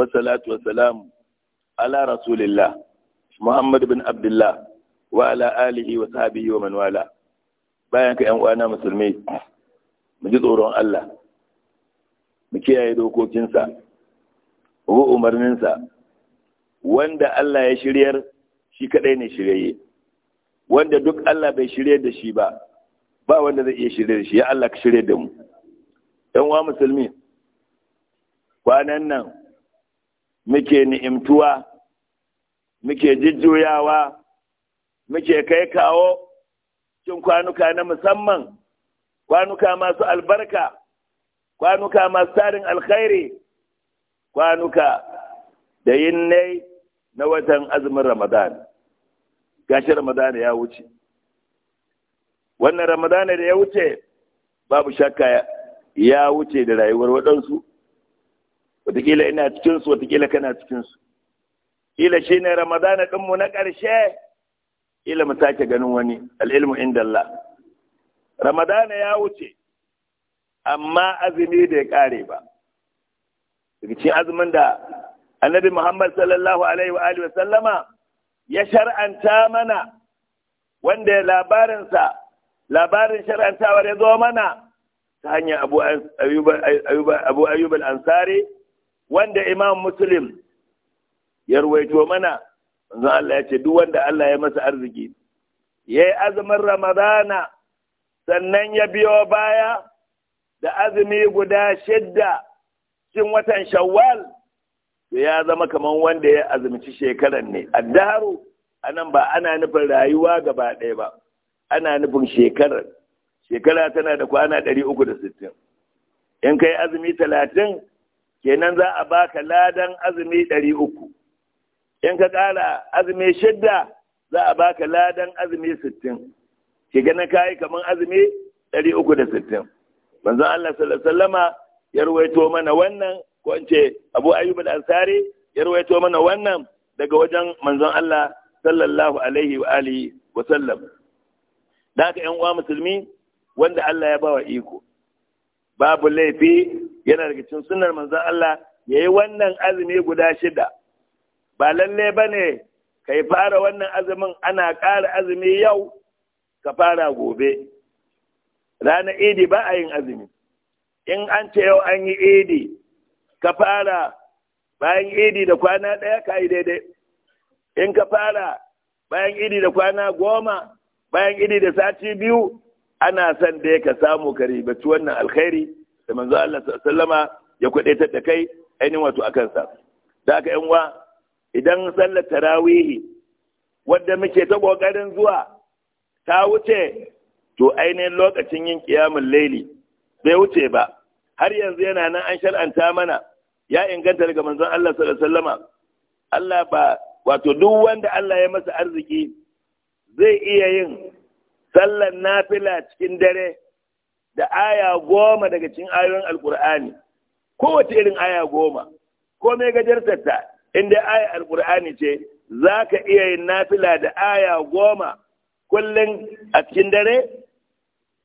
wasalatu wasalamu ala rasulillah Muhammad bin Abdullah wa ala alihi wa sahbihi wa man wala bayan ka ƴan uwana musulmi mu ji tsoron Allah mu kiyaye dokokinsa mu umarninsa wanda Allah ya shiryar shi kadai ne shiryayye wanda duk Allah bai shiryar da shi ba ba wanda zai iya shiryar da shi ya Allah ka shiryar da mu ‘yan uwa musulmi kwanan nan muke ni'imtuwa muke jujjuyawa muke kai kawo cin kwanuka na musamman kwanuka masu albarka kwanuka masu tarin alkhairi kwanuka da yin nai na watan azumin ramadan gashi ramadan ya wuce wannan ramadan da ya wuce babu shakka ya wuce da rayuwar waɗansu wataƙila ina cikinsu wataƙila kana cikinsu Ila shi ne ramadana ɗinmu na ƙarshe Ila mu sake ganin wani al'ilmu inda Allah ramadana ya wuce amma azumi da ya ƙare ba daga cikin azumin da annabi muhammad sallallahu alaihi wa alihi sallama ya shar'anta mana wanda labarinsa labarin shar'antawar ya zo mana ta hanyar abu ayyub al-ansari wanda imam muslim ya ruwaito mana zan Allah ya ce duk wanda Allah ya masa arziki ya yi azumin ramadana sannan ya biyo baya da azumi guda shidda cin watan shawwal ya zama kamar wanda ya azumci shekaran ne Adaharu anan ba ana nufin rayuwa gaba ɗaya ba ana nufin shekarar shekara tana da kwana ɗari uku da sittin in kai azumi talatin kenan za a baka ladan azumi ɗari uku in ka ƙara azumi shidda za a baka ladan azumi sittin ke ganin kayi kamar azumi ɗari uku da sittin manzon Allah sallallahu ya ruwaito mana wannan ko in ce Abu Ayyub al-Ansari ya ruwaito mana wannan daga wajen manzon Allah sallallahu alaihi wa alihi wa sallam da aka ƴan uwa musulmi wanda Allah ya bawa iko babu laifi yana daga cikin sunnar manzon Allah yi wannan azumi guda shida ba lalle ba ne ka yi fara wannan azumin ana ƙara azumi yau ka fara gobe ranar idi ba a yin azumi in an ce yau an yi idi ka fara bayan idi da kwana ɗaya ka yi daidai in ka fara bayan idi da kwana goma bayan idi da sati biyu ana son da ka samu ka ribaci wannan alkhairi da manzo Allah sallama ya ta da kai ainihin wato akan sa da ka yan uwa idan sallar tarawihi wadda muke ta kokarin zuwa ta wuce to ainihin lokacin yin kiyamun laili bai wuce ba har yanzu yana nan an shar'anta mana ya inganta daga manzon Allah sallallahu Allah ba wato duk wanda Allah ya masa arziki zai iya yin sallar nafila cikin dare da aya goma daga cikin ayoyin alkur'ani kowace irin aya goma ko mai gajartarta inda aya alkur'ani ce za ka iya yin nafila da aya goma kullum a cikin dare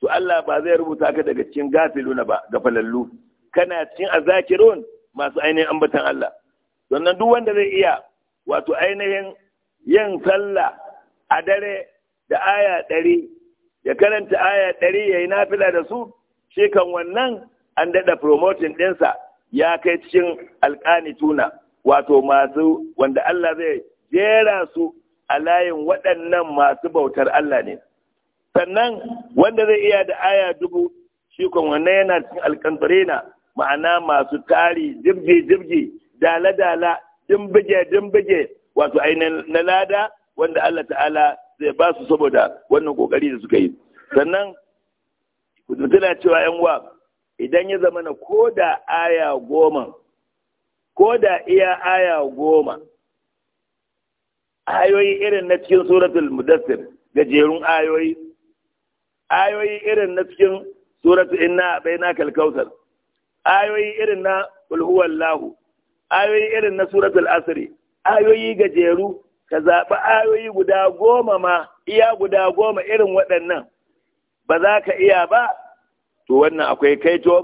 to Allah ba zai rubuta ka daga cikin gafiluna ba ga falallu kana cikin azakirun masu ainihin ambatan Allah sannan duk wanda zai iya wato ainihin yin sallah a dare da aya ɗari ya karanta aya ɗari ya yi nafila da su shi kan wannan an daɗa promoting ɗinsa ya kai cikin tuna, wato masu wanda Allah zai jera su a layin waɗannan masu bautar Allah ne sannan wanda zai iya da aya dubu shi kan wannan yana cikin alƙantarena ma'ana masu tari jirgi jirgi dala dala dimbige dimbige wato ainihin na lada wanda Allah ta'ala zai ba su saboda wannan kokari da suka yi sannan tana cewa yan uwa. idan ya zama na ko da aya goma ko da iya aya goma ayoyi irin na cikin suratul mudassir gajerun ayoyi ayoyi irin na cikin suratul inna baina kalkausar ayoyi irin na kulhuwallahu ayoyi irin na suratul asri ayoyi gajeru ka zaɓi ayoyi guda goma ma iya guda goma irin waɗannan ba za ka iya ba to wannan akwai kaito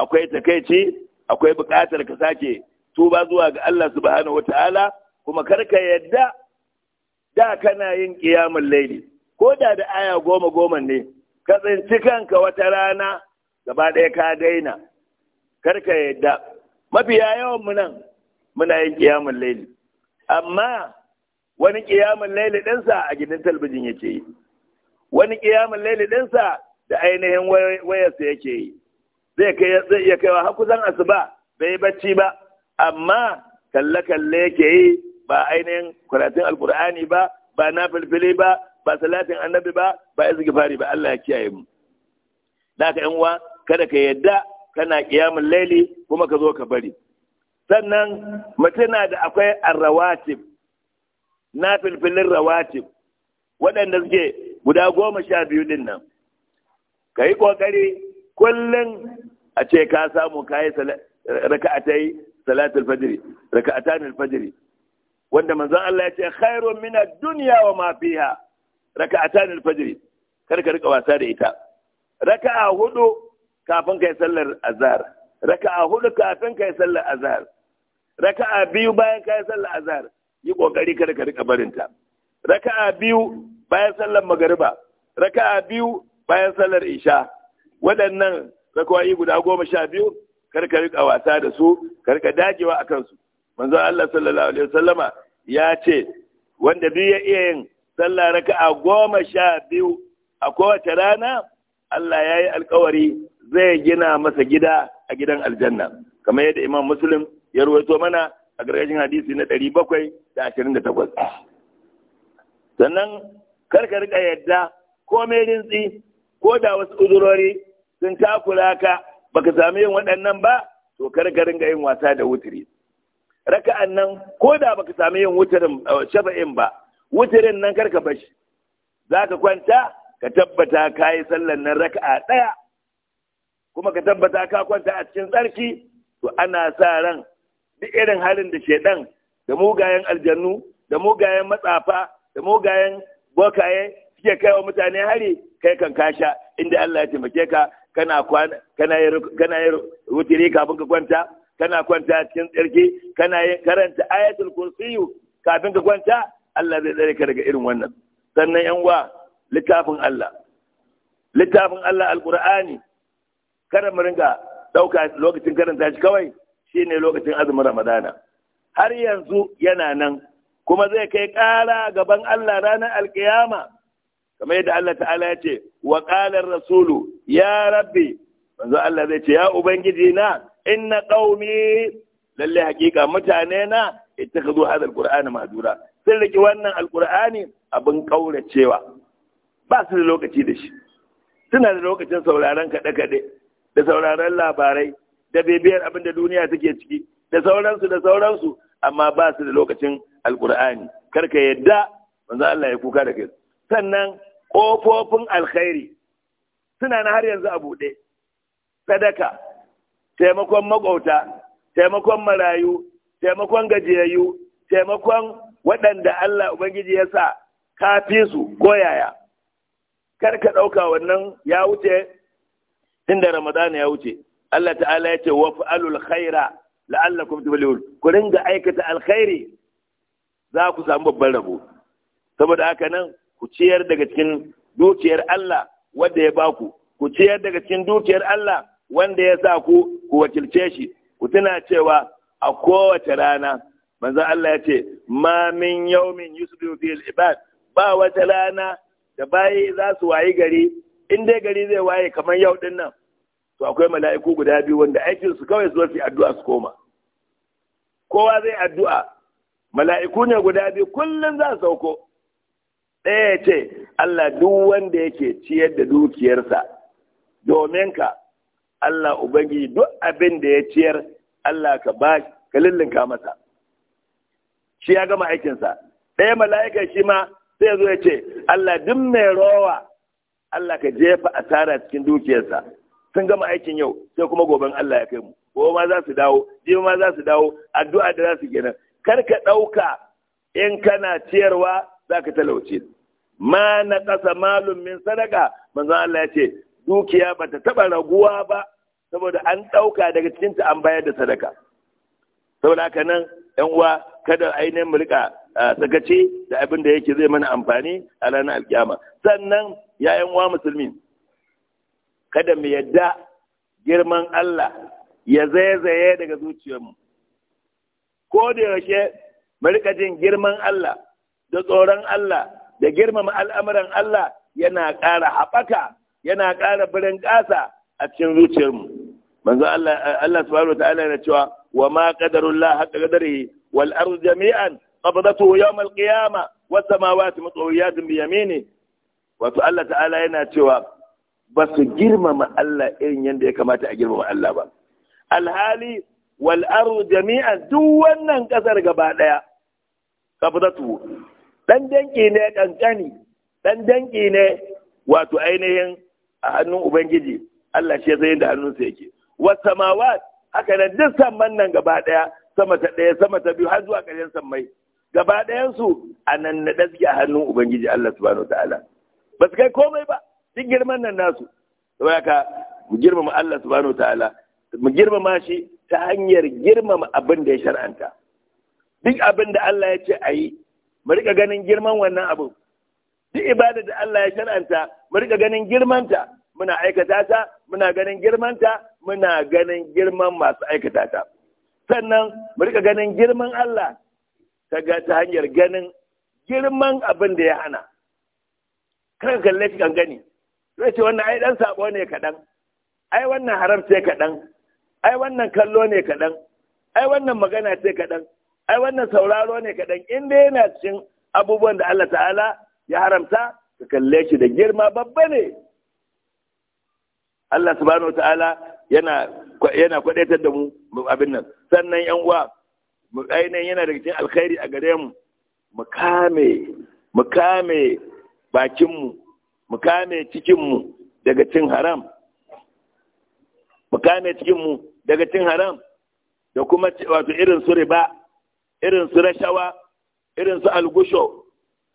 akwai takaici akwai buƙatar ka sake tuba zuwa ga Allah subhanahu wata'ala kuma karka yadda da kana yin ƙiyamun laili ko da da aya goma goma ne ka tsinci kanka wata rana gaba ɗaya ka daina karka yadda mafiya yawan mu nan muna yin ƙiyamun laili amma wani kiyamun laili ɗinsa a gidan talbijin yake yi wani kiyamun laili ɗinsa da ainihin wayarsa yake yi zai iya kaiwa har kusan asuba bai bacci ba amma kalle-kalle yake yi ba ainihin karatun alkur'ani ba ba na filfili ba ba salatin annabi ba ba izgifari ba Allah ya kiyaye mu da ka uwa kada ka yadda kana kiyamun laili kuma ka zo ka bari sannan mutuna da akwai arrawatib na filfilin rawatib waɗanda suke guda goma sha biyu din nan ka yi ƙoƙari kullum a ce ka samu ka yi raka'atai salatul fajiri raka'atan fajiri wanda manzon Allah ya ce khairun min ad-dunya wa ma fiha raka'atan al-fajr kar ka rika wasa da ita raka'a hudu kafin kai sallar azhar raka'a hudu kafin kai sallar azhar raka'a biyu bayan kai sallar azhar yi ƙoƙari kada ka rika ta raka'a biyu bayan sallar magariba raka'a biyu bayan sallar isha waɗannan rakawayi guda goma sha biyu kar ka rika wasa da su kar ka dagewa a kansu manzo Allah sallallahu alaihi wasallama ya ce wanda biyu ya iya yin sallah raka'a goma sha biyu a kowace rana Allah ya yi alkawari zai gina masa gida a gidan aljanna kamar yadda imam muslim ya ruwaito mana a gargajin hadisi na ɗari bakwai da ashirin da takwas sannan karka rika yadda ko mai rintsi ko da wasu uzurori sun takura ka baka sami yin waɗannan ba to karka ringa yin wasa da wutiri raka'an nan ko da baka sami yin wuturin uh, shafa'in ba wuturin nan karka bashi za ka kwanta ka tabbata ka yi sallan nan raka'a ɗaya kuma ka tabbata ka kwanta a cikin tsarki to ana sa ran duk irin halin da shaiɗan, da mugayen aljannu da mugayen matsafa da mugayen bokaye suke kai wa mutane hari kai kan kasha inda Allah ya taimake ka kana kwana kana yi kana kafin ka kwanta kana kwanta cikin tsirki, kana yin karanta ayatul kursiyu kafin ka kwanta Allah zai tsare ka daga irin wannan sannan yan wa littafin Allah littafin Allah alqur'ani kada mu ringa dauka lokacin karanta shi kawai Shi ne lokacin azumin ramadana har yanzu yana nan kuma zai kai ƙara gaban Allah ranar alkiyama kamar yadda Allah ta'ala ya ce wa ƙalar rasulu ya rabbi manzo Allah zai ce ya ubangiji na inna qaumi lallai hakika mutane na ka ittakhadhu hadha alqur'ana Mahdura. sun riki wannan alqur'ani abin kauracewa ba su da lokaci da shi suna da lokacin sauraron kaɗe-kaɗe da sauraron labarai da bibiyar abin da duniya take ciki da sauransu da sauransu amma ba su da lokacin alkur'ani kar ka yadda manzo Allah ya kuka da kai sannan kofofin alkhairi suna na har yanzu a buɗe sadaka taimakon makauta taimakon marayu taimakon gajiyayyu taimakon waɗanda Allah ubangiji ya sa kafi su ko yaya kar ka ɗauka wannan ya wuce inda ramadana ya wuce Allah ta'ala ya ce waf'alul khaira la'allakum tuflihun ku ringa aikata alkhairi za ku samu babban rabo saboda haka nan ku ciyar daga cikin dukiyar Allah wanda ya baku ku ciyar daga cikin dukiyar Allah wanda ya sa ku ku wakilce shi ku tuna cewa a kowace rana manzo Allah ya ce ma min yawmin yusbihu fil ibad ba wata rana da bayi za su wayi gari in dai gari zai waye kamar yau din nan to akwai mala'iku guda biyu wanda aikin su kawai zuwa su addu'a su koma kowa zai addu'a mala'iku ne guda biyu kullun za su sauko ɗaya ya ce Allah duk wanda yake ciyar da dukiyarsa domin ka Allah Ubangiji duk abin da ya ciyar Allah ka ba ka lullunka masa shi ya gama aikinsa ɗaya mala'ika shi ma sai zo ya ce Allah duk mai rowa Allah ka jefa asara cikin dukiyarsa sun gama aikin yau sai kuma goben Allah ya kai mu gobe ma za su dawo je ma za su dawo addu'a da za su kenan kar ka ɗauka in kana ciyarwa za ka talauce ma na ƙasa malum min sadaka manzon Allah ya ce dukiya ba ta taɓa raguwa ba saboda an ɗauka daga cikinta an bayar da sadaka saboda haka nan yan uwa kada ainihin mu rika ah, sakaci da abin da yake zai mana amfani a ranar alkiyama sannan ya yan uwa musulmi kada mu yadda girman Allah ya zaizaye daga zuciyarmu ko da yaushe mu jin girman Allah da tsoron Allah da girmama al'amuran Allah yana ƙara haɓaka yana ƙara birin ƙasa a cikin zuciyarmu manzo Allah Allah subhanahu wataala yana cewa wa ma qadarullah haqqa qadarihi wal ardu jami'an qabdatuhu yawm al qiyamah was samawati mutawiyatun bi yamini wato Allah ta'ala yana cewa ba su girmama Allah irin yadda ya kamata a girmama Allah ba alhali wal'aru jami'a jami'an duk wannan ƙasar gaba daya kafatu ɗan danki ne kankani ɗan danki ne wato ainihin a hannun ubangiji Allah shi ya san yadda hannunsa yake was haka nan duk samman nan gaba ɗaya, sama ta ɗaya sama ta biyu har zuwa ƙarshen sammai gaba ɗayansu a nan na ɗaske a hannun Ubangiji Allah subhanahu ta'ala ba su kai komai ba duk girman nan nasu saboda haka mu girmama Allah subhanahu ta'ala mu girmama shi ta hanyar girmama abin da ya shar'anta duk abin da Allah ya ce a yi mu rika ganin girman wannan abun. duk ibada da Allah ya shar'anta mu rika ganin girmanta muna aikata ta muna ganin girmanta muna ganin girman masu aikata ta sannan mu rika ganin girman Allah ta hanyar ganin girman abin da ya hana kan kalle shi kan gani zai ce wannan ai dan sabo ne kaɗan ai wannan haram ce kaɗan ai wannan kallo ne kaɗan ai wannan magana ce kaɗan ai wannan sauraro ne kaɗan in dai yana cikin abubuwan da Allah ta'ala ya haramta ka kalle shi da girma babba ne Allah subhanahu wa ta'ala yana yana kwadaitar da mu abin nan sannan yan uwa ainihin yana da cikin alkhairi a gare mu mu kame mu bakinmu mu kame cikinmu daga cin haram mu kame cikinmu daga cin haram da kuma wato irin su riba irin su rashawa irin su algusho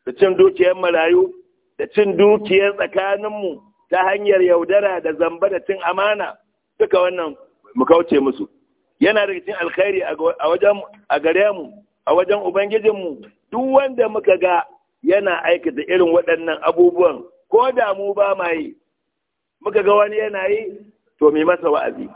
da cin dukiyar marayu da cin dukiyar tsakaninmu ta hanyar yaudara da zamba da cin amana duka wannan mu kauce musu yana daga cin alkhairi a wajen a gare mu a wajen ubangijinmu duk wanda muka ga yana aikata irin waɗannan abubuwan ko da mu ba ma yi muka ga wani yana yi to mai masa wa'azi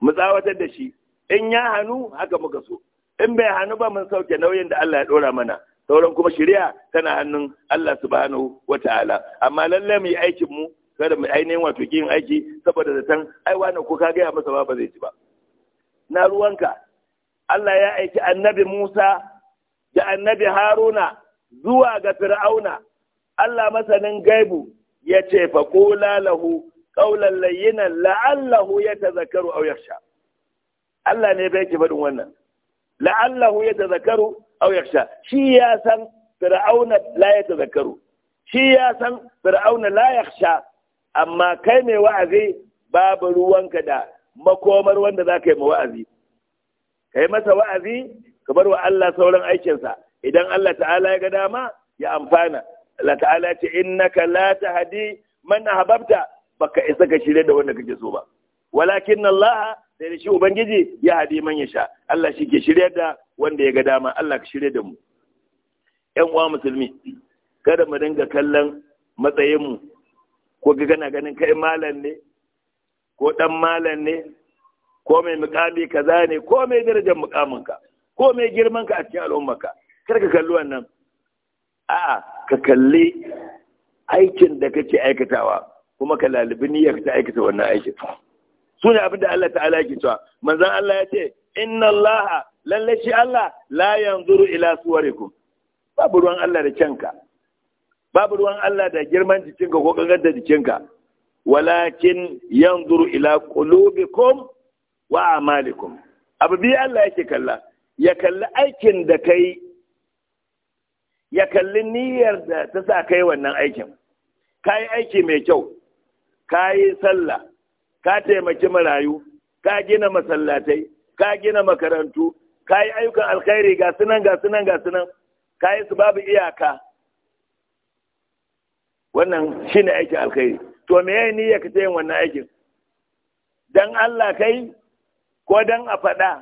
mu tsawatar da shi in ya hannu haka muka so in bai hannu ba mun sauke nauyin da Allah ya dora mana sauran kuma shari'a tana hannun Allah subhanahu wata'ala amma lalle mu yi aikin mu kada mu ainihin wato kin aiki saboda zaton ai wannan ko ka gaya masa ba ba zai ci ba na ruwanka Allah ya aiki annabi Musa da annabi Haruna zuwa ga Fir'auna Allah masanin gaibu ya ce fa kula lahu qawlan layyinan la'allahu ya ta Zakaru aw sha. Allah ne bai ki faɗin wannan la'allahu ya ta Zakaru aw sha. shi ya san fir'auna la ya ta Zakaru, shi ya san fir'auna la sha, amma kai mai wa'azi babu ruwanka da makomar wanda za ka yi wa'azi ka yi masa wa'azi ka bar wa Allah sauran aikinsa idan Allah ta'ala ya ga dama ya amfana Allah ta'ala ce innaka la tahdi man ahbabta baka isa ka shirye da wanda kake so ba walakin Allah sai shi ubangiji ya hadi man sha. Allah shi ke shirye da wanda ya ga dama Allah ka shirye da mu ƴan uwa musulmi kada mu dinga kallon matsayin mu ko ga kana ganin kai malam ne ko dan malam ne ko mai mukami kaza ne ko mai darajar mukaminka ko mai girmanka a cikin al'ummarka kar ka kalli wannan a'a ka kalli aikin da kake aikatawa kuma ka lalibi niyyar ta aikata wannan aikin su ne abin da Allah ta'ala ke cewa manzon Allah ya ce inna Allah lalle shi Allah la yanzuru ila suwarikum babu ruwan Allah da kyanka babu ruwan Allah da girman jikinka ko gangar da jikinka walakin yanzuru ila qulubikum wa amalikum abu bi Allah yake kalla ya kalli aikin da kai ya kalli niyyar da ta sa kai wannan aikin ka yi aiki mai kyau ka yi sallah ka taimaki marayu ka gina masallatai ka gina makarantu ka yi ayyukan alkhairi ga sunan ga sunan ga sunan ka yi su babu iyaka wannan shine aikin alkhairi to me yayi niyya ka ta yin wannan aikin dan Allah kai ko dan a faɗa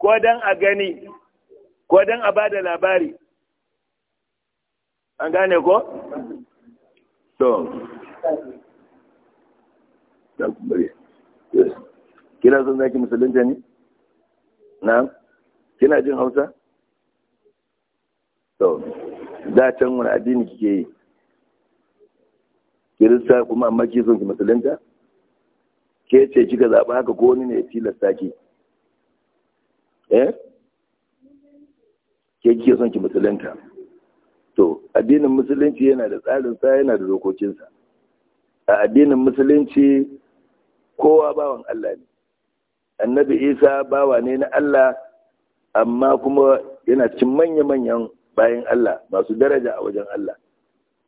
ko dan a gani ko dan a bada labari an gane ko? to kina son zaki musulunta ne? na kina jin hausa? to da can wani addini kike yi kirista kuma amma ki son ki musulunta? ke ce kika zaɓa haka ko wani ne ya tilasta ki eh ke kike son ki musulunta addinin musulunci yana da tsarin sa, yana da dokokinsa a addinin musulunci kowa bawan Allah ne annabi isa bawa ne na Allah amma kuma yana cikin manya-manyan bayan Allah masu daraja a wajen Allah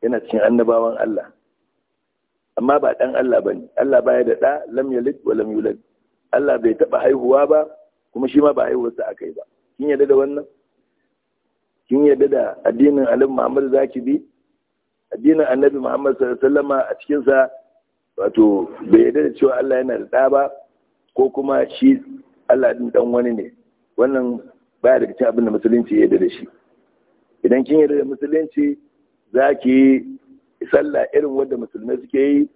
yana cikin annabawan Allah amma ba ɗan Allah ba ne Allah baya da ɗa lam yalid wa lam yulad Allah bai taɓa haihuwa ba kuma shi ma ba haihuwarsa aka yi ba kin yadda da wannan kin yadda da addinin alin muhammad za bi addinin annabi muhammad sallama a cikinsa wato bai yadda da cewa allah yana da ba ko kuma shi allah din ɗan wani ne wannan baya daga cikin abin da musulunci ya yadda da shi idan kin yadda da musulunci za ki sallah irin wanda musulmai suke yi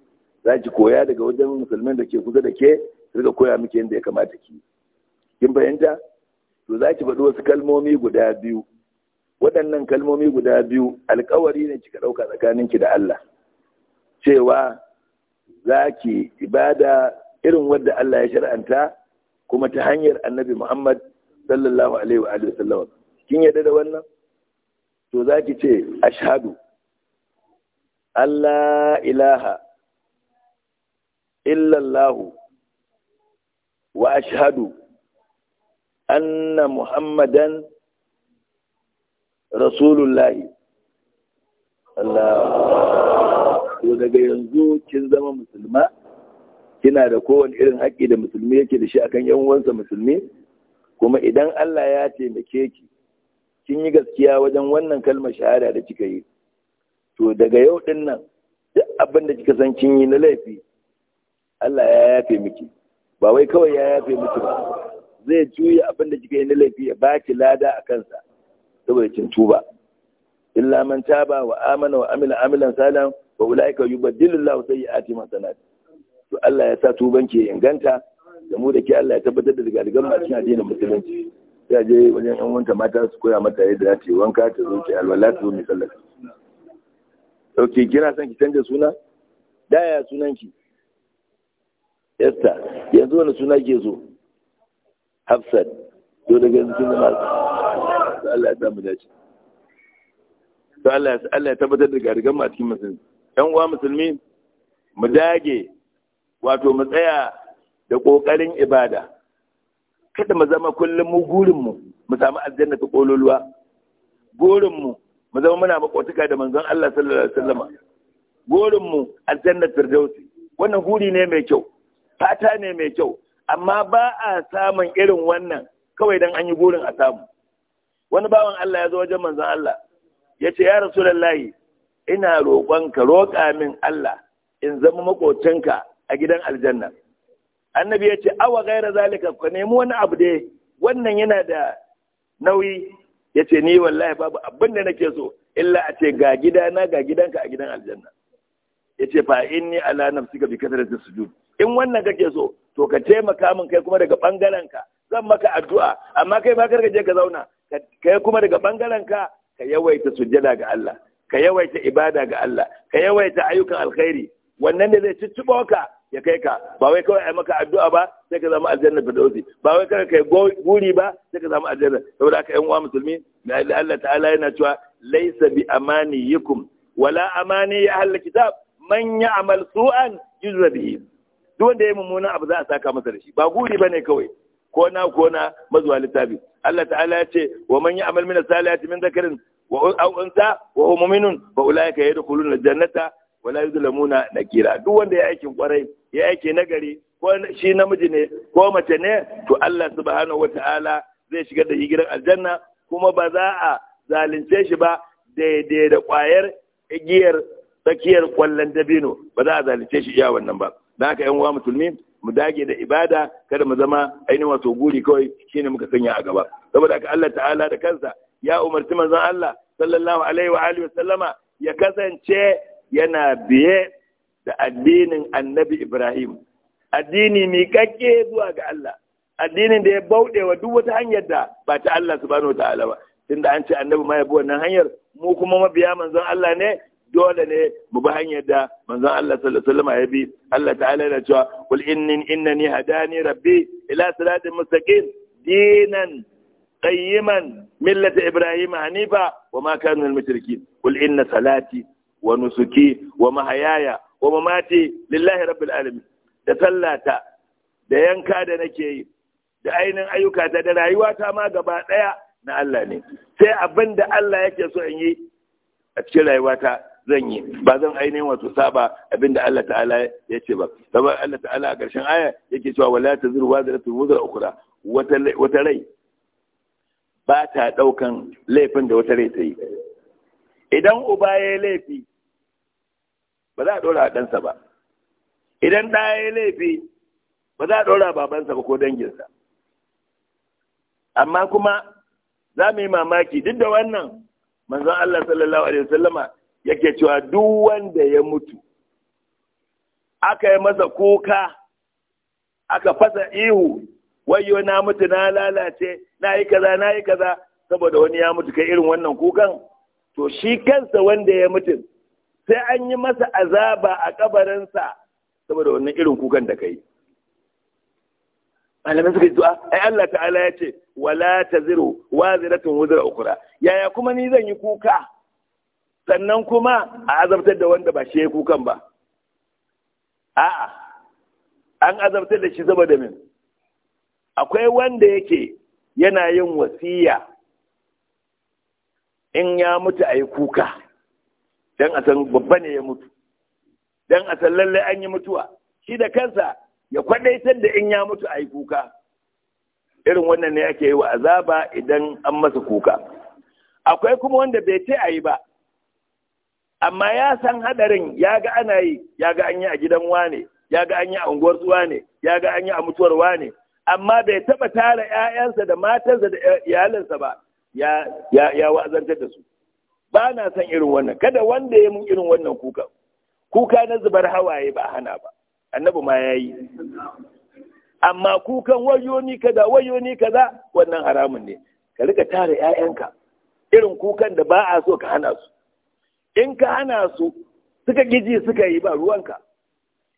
za ki koya daga wajen musulmai da ke kusa da ke su koya miki yadda ya kamata ki kin fahimta to za ki faɗi wasu kalmomi guda biyu waɗannan kalmomi guda biyu alkawari ne kika ɗauka tsakaninki da Allah cewa za ki ibada irin wadda Allah ya shar'anta kuma ta hanyar annabi Muhammad sallallahu alaihi wa alihi wasallam kin yadda da wannan to za ki ce ashhadu Allah ilaha illallahu wa ashhadu anna muhammadan rasulullahi Allah to daga yanzu kin zama musulma kina da kowane irin haƙƙi da musulmi yake da shi akan yan uwansa musulmi kuma idan Allah ya taimake ki kin yi gaskiya wajen wannan kalmar shahada da kika yi to daga yau din nan duk abin da kika san kin yi na laifi Allah ya yafe miki ba wai kawai ya yafe miki ba zai juya abin da kika yi na laifi ya baki lada a kansa saboda kin tuba illa man taba wa amana wa amila amilan salam wa ulaika yubaddilu Allahu sayyi'ati hasanat to Allah ya sa tuban ke inganta da mu da ke Allah ya tabbatar da daga mu a cikin addinin musulunci ya je wajen yan wanta mata su koya mata yadda za ta yi wanka ta zo ki alwala ta zo mai sallah ok kina son ki canza suna da ya sunan ki Esther yanzu wani suna ke zo? Hafsat to daga yanzu kin zama su Allah ya samu dace to Allah ya Allah ya tabbatar da garigan mu a cikin musulmi yan uwa musulmi mu dage wato mu tsaya da kokarin ibada kada mu zama kullum mu gurin mu mu samu aljanna ta kololuwa gurin mu mu zama muna makotuka da manzon Allah sallallahu alaihi wasallam gurin mu aljanna firdausi wannan guri ne mai kyau fata ne mai kyau amma ba a samun irin wannan kawai dan an yi gurin a samu wani bawan Allah ya zo wajen manzon Allah ya ce ya rasulullahi ina roƙonka roƙa min Allah in zama makocinka a gidan aljanna annabi ya ce awa gaira zalika ka nemi wani abu dai wannan yana da nauyi ya ce ni wallahi babu abin da nake so illa a ce ga gidana ga gidanka a gidan aljanna ya ce fa inni ala nafsika bi su sujud in wannan kake so to ka taimaka min kai kuma daga bangaren ka zan maka addu'a amma kai ba ka je ka zauna kai kuma daga bangaren ka ka yawaita sujjada ga Allah ka yawaita ibada ga Allah ka yawaita ayyukan alkhairi wannan ne zai cicciɓo ka ya kai ka ba wai kawai ai maka addu'a ba sai ka zama aljanna firdausi ba wai kawai kai guri ba sai ka zama aljanna saboda aka yan uwa musulmi Allah ta'ala yana cewa laysa bi amaniyikum wala amani ya ahli kitab man ya'mal su'an yujza bihi duk wanda ya mummuna abu za a saka masa da shi ba guri bane kawai ko na ko na mazuwa littafi Allah ta'ala ya ce wa man ya'mal min as-salihati min dhakarin wa aw unsa wa huwa mu'minun fa ulaika yadkhuluna al-jannata wa la yuzlamuna nakira duk wanda ya aikin kwarai ya aike nagari ko shi namiji ne ko mace ne to Allah subhanahu wata'ala zai shiga da yi gidan aljanna kuma ba za a zalunce shi ba daidai da kwayar igiyar tsakiyar kwallon dabino ba za a zalunce shi iya wannan ba da haka yan uwa musulmi mu dage da ibada kada mu zama ainihin wato guri kawai shine muka sanya a gaba saboda haka Allah ta'ala da kansa ya umarci manzon Allah sallallahu alaihi wa alihi sallama ya kasance yana biye da addinin annabi Ibrahim addini miƙaƙƙe zuwa ga Allah addinin da ya bauɗe wa duk wata hanyar da ba ta Allah subhanahu ta'ala ba tunda an ce annabi ma ya bi wannan hanyar mu kuma mabiya manzon Allah ne dole ne mu bi hanyar da manzon Allah sallallahu alaihi wasallam ya bi Allah ta'ala yana cewa kul inni innani hadani rabbi ila siratin mustaqim dinan qayyiman millata ibrahim hanifa wa ma kana minal mushrikin kul inna salati wa nusuki wa mahayaya wa mamati lillahi rabbil alamin da sallata da yanka da nake yi da ainihin ayyuka ta da rayuwata ma gaba daya na Allah ne sai abin da Allah yake so in yi a cikin rayuwata zan yi ba zan ainihin wato saba abinda Allah ta'ala ya ce ba saboda Allah ta'ala a ƙarshen aya yake cewa wala taziru wazratu wuzra ukhra wata rai ba ta ɗaukan laifin da wata rai ta yi idan uba ya yi laifi ba za a ɗora a ɗansa ba idan ɗa ya yi laifi ba za a ɗora babansa ba ko danginsa amma kuma za mu yi mamaki duk da wannan manzon Allah sallallahu alaihi wasallama yake cewa duk wanda ya mutu aka yi masa kuka aka fasa ihu wayo na mutu na lalace na yi kaza na yi kaza saboda wani ya mutu kai irin wannan kukan to shi kansa wanda ya mutu sai an yi masa azaba a kabarinsa saboda wannan irin kukan da kai malamin suka zuwa, ai Allah ta'ala ya ce wala taziru waziratun wuzra ukra yaya kuma ni zan yi kuka sannan kuma a azabtar da wanda ba shi ya kukan ba a'a an azabtar da shi saboda min akwai wanda yake yana yin wasiya in ya mutu a yi kuka don a san babba ne ya mutu don a san lallai an yi mutuwa shi da kansa ya kwadaitar da in ya mutu a yi kuka irin wannan ne ake yi wa azaba idan an masa kuka akwai kuma wanda bai ce a yi ba amma ya san hadarin ya ga ana yi ya ga an yi a gidan wane ya ga an yi a unguwar wane ya ga an yi a mutuwar wane amma bai taba tara ƴaƴansa da matansa da iyalinsa ba ya ya ya wa'azantar da su ba na san irin wannan kada wanda ya mun irin wannan kuka kuka na zubar hawaye ba hana ba annabi ma yayi amma kukan wayo ni kaza wayo ni kaza wannan haramun ne ka rika tara ƴaƴanka irin kukan da ba a so ka hana su in ka hana su suka giji suka yi ba ruwanka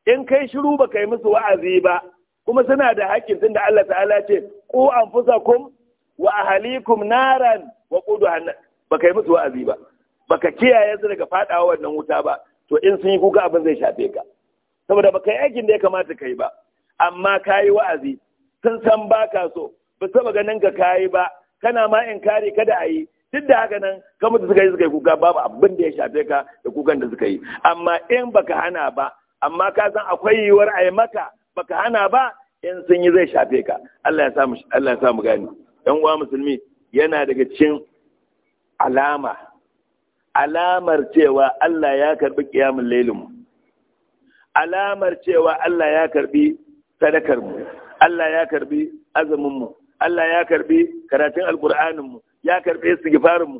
in kai shiru ba kai musu wa'azi ba kuma suna da haƙƙin tun da Allah ta'ala ce ku anfusakum wa ahlikum naran wa quduha nas ba kai musu wa'azi ba baka kiyaye su daga fadawa wannan wuta ba to in sun yi kuka abin zai shafe ka saboda baka yi aikin da ya kamata kai ba amma kayi wa'azi sun san baka so ba saboda ganin ka kayi ba kana ma in kare kada a yi duk da haka nan kan mutu suka yi suka yi kuka babu abin da ya shafe ka da kukan da suka yi amma in baka hana ba amma ka san akwai yiwuwar a yi maka baka hana ba in sun yi zai shafe ka Allah ya samu Allah ya samu gani dan uwa musulmi yana daga cikin alama alamar cewa Allah ya karbi kiyamul lailin alamar cewa Allah ya karbi sadakar mu Allah ya karbi azumin mu Allah ya karbi karatun alkur'anin mu ya karbi istighfarin mu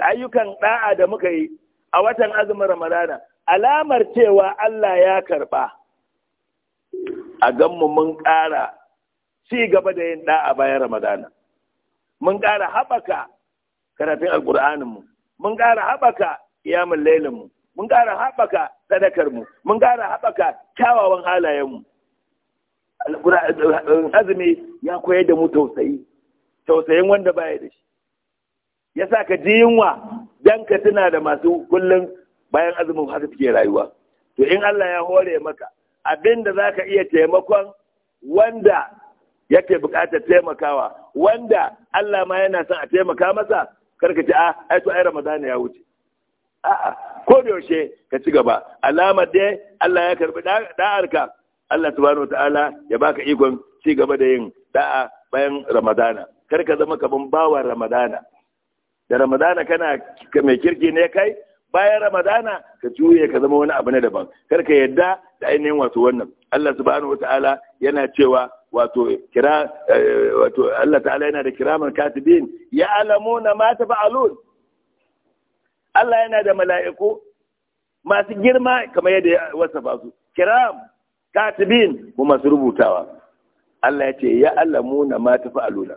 ayyukan ɗa'a da muka yi a watan azumin ramadana alamar cewa Allah ya karɓa a ganmu mun ƙara ci gaba da yin da'a bayan ramadana mun ƙara haɓaka karatun alkur'anin mu mun ƙara haɓaka iyamin lailinmu mu mun ƙara haɓaka sadakarmu mun ƙara haɓaka kyawawan halayen mu azumi ya koyar da mu tausayi tausayin wanda baya da shi ya sa ka ji yunwa dan ka tuna da masu kullum bayan azumin haka suke rayuwa to in Allah ya hore maka abin da za ka iya taimakon wanda yake buƙatar taimakawa wanda Allah ma yana son a taimaka masa karka ce a ah, aito ai Ramadana ya wuce a'a ko da yaushe ka ci gaba alamar dai Allah ya karbi da'arka Allah subhanahu ta'ala ya baka ikon ci gaba da yin da'a bayan Ramadana kar ka zama kaman bawa Ramadana da Ramadana kana mai kirki ne kai bayan Ramadana ka juye ka zama wani abu na daban kar ka yadda da ainihin wato wannan Allah subhanahu ta'ala yana cewa wato kira eh, wato Allah ta'ala yana da kiraman katibin ya alamuna ma tafa'alun Allah yana da mala'iku masu girma kamar yadda ya wasafa su kiram katibin mu masu rubutawa Allah ya ce ya mu na ma tafi aluna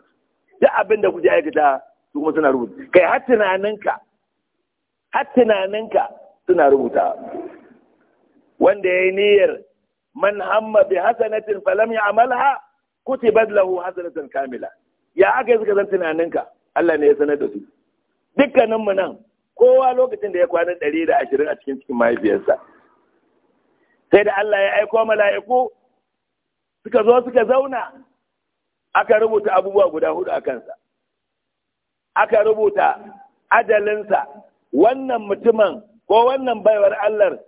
duk abin da kuje aikata su kuma suna rubuta kai har tunaninka har tunaninka suna rubuta wanda yayi niyyar man hamma bi hasanatin falam ya amalha kutibat lahu hasanatan kamila ya aka yi suka san tunaninka Allah ne ya sanar da su dukkaninmu nan kowa lokacin da ya kwana ɗari da ashirin a cikin cikin mahaifiyarsa sai da Allah ya aiko mala'iku suka zo suka zauna aka rubuta abubuwa guda hudu a kansa aka rubuta ajalinsa wannan mutumin ko wannan baiwar Allah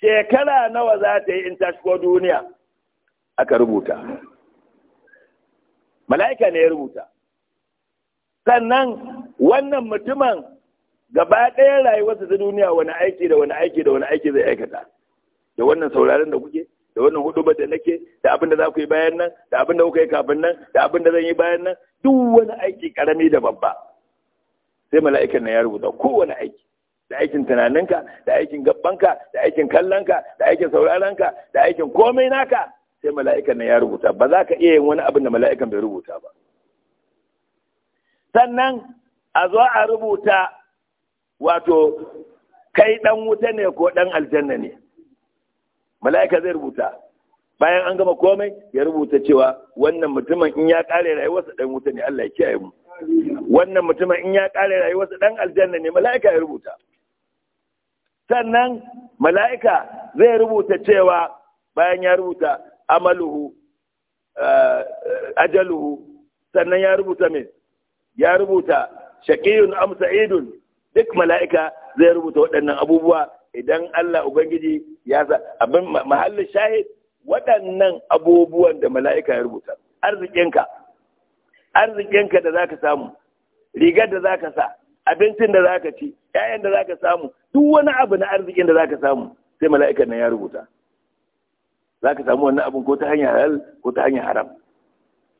shekara nawa za ta yi in ta shigo duniya aka rubuta mala'ika ne ya rubuta sannan wannan mutumin gaba ɗaya rayuwarsa ta duniya wani aiki da wani aiki da wani aiki zai aikata da wannan sauraron da kuke da wannan hudubar da nake da abin da za ku yi bayan nan da abin da kuka yi kafin nan da abin da zan yi bayan nan duk wani aiki karami da babba sai mala'ikan nan ya rubuta kowane aiki da aikin tunaninka da aikin gabbanka da aikin kallonka da aikin sauraronka da aikin komai naka sai mala'ikan nan ya rubuta ba za ka iya yin wani abin da mala'ikan bai rubuta ba sannan a zo a rubuta wato kai dan wuta ne ko dan aljanna ne mala'ika zai rubuta bayan an gama komai ya rubuta cewa wannan mutumin in ya kare rayuwarsa dan wuta ne Allah ya kiyaye mu wannan mutumin in ya kare rayuwarsa dan aljanna ne mala'ika ya rubuta sannan mala'ika zai rubuta cewa bayan ya rubuta amaluhu eh, ajaluhu sannan ya rubuta me ya rubuta shaqiyun am sa'idun duk mala'ika zai rubuta waɗannan abubuwa idan Allah ubangiji ya abin mahallin shahid waɗannan abubuwan da mala'ika ya rubuta arzikinka arzikinka da zaka samu rigar da zaka sa abincin da zaka ci ƴaƴan da zaka samu duk wani abu na arzikin da zaka samu sai mala'ikan nan ya rubuta ka samu wannan abin ko ta hanyar halal ko ta hanyar haram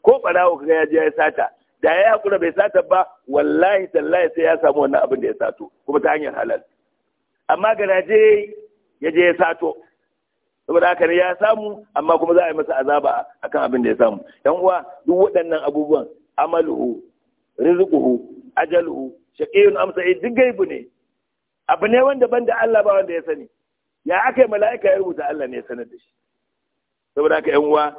ko barawo kaga ya je ya sata da ya hakura bai sata ba wallahi tallahi sai ya samu wannan abin da ya sato kuma ta hanyar halal amma garaje ya je ya sato saboda haka ne ya samu amma kuma za a yi masa azaba akan abin da ya samu yan uwa duk waɗannan abubuwan amaluhu rizquhu ajaluhu shaqiyun am sa'id duk gaibu ne abu ne wanda banda Allah ba wanda ya sani ya aka yi mala'ika ya rubuta Allah ne ya sanar da shi saboda haka yan uwa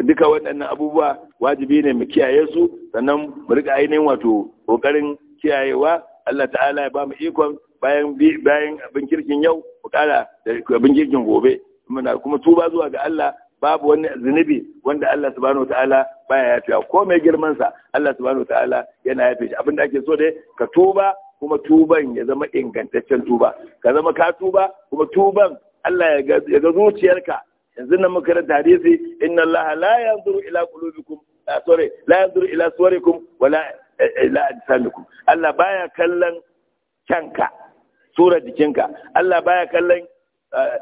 duka waɗannan abubuwa wajibi ne mu kiyaye su sannan mu riƙa ainihin wato kokarin kiyayewa Allah ta'ala ya ba mu ikon bayan bayan abin kirkin yau mu kara da abin kirkin gobe muna kuma tuba zuwa ga Allah babu wani zunubi wanda Allah subhanahu wataala baya yafiya ko mai girman sa Allah subhanahu wataala yana yafe shi abin da ake so dai ka tuba kuma tuban ya zama ingantaccen tuba ka zama ka tuba kuma tuban Allah ya ga zuciyarka yanzu nan muka karanta hadisi inna Allah la yanzuru ila qulubikum sorry la yanzuru ila suwarikum wala ila eh, eh, ajsamikum Allah baya kallon kanka. tura jikinka Allah baya kallon eh,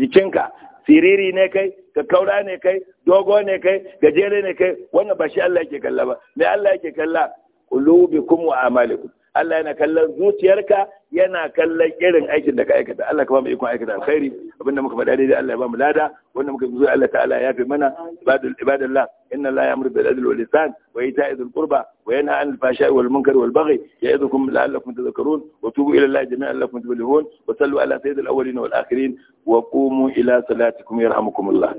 jikinka siriri ne kai ka kaura ne kai dogo ne kai gajere ne kai wannan ba shi Allah yake kalla ba me Allah yake kalla qulubikum wa amalikum Allah yana kallon zuciyarka yana kallon irin aikin da ka aikata Allah ka ba mu ikon aikata alkhairi abinda muka faɗa daidai Allah ya ba mu lada wanda muka zuwa Allah ta'ala ya fi mana ibadul ibadallah inna Allah ya'muru bil adli wal ihsan wa ita'i dhil qurba wa yanha 'anil fahsha'i wal munkari wal baghi ya'idhukum la'allakum tadhakkarun wa tubu ila Allah jami'an la'allakum tuflihun wa sallu ala sayyidil awwalin wal akhirin wa qumu ila salatikum yarhamukumullah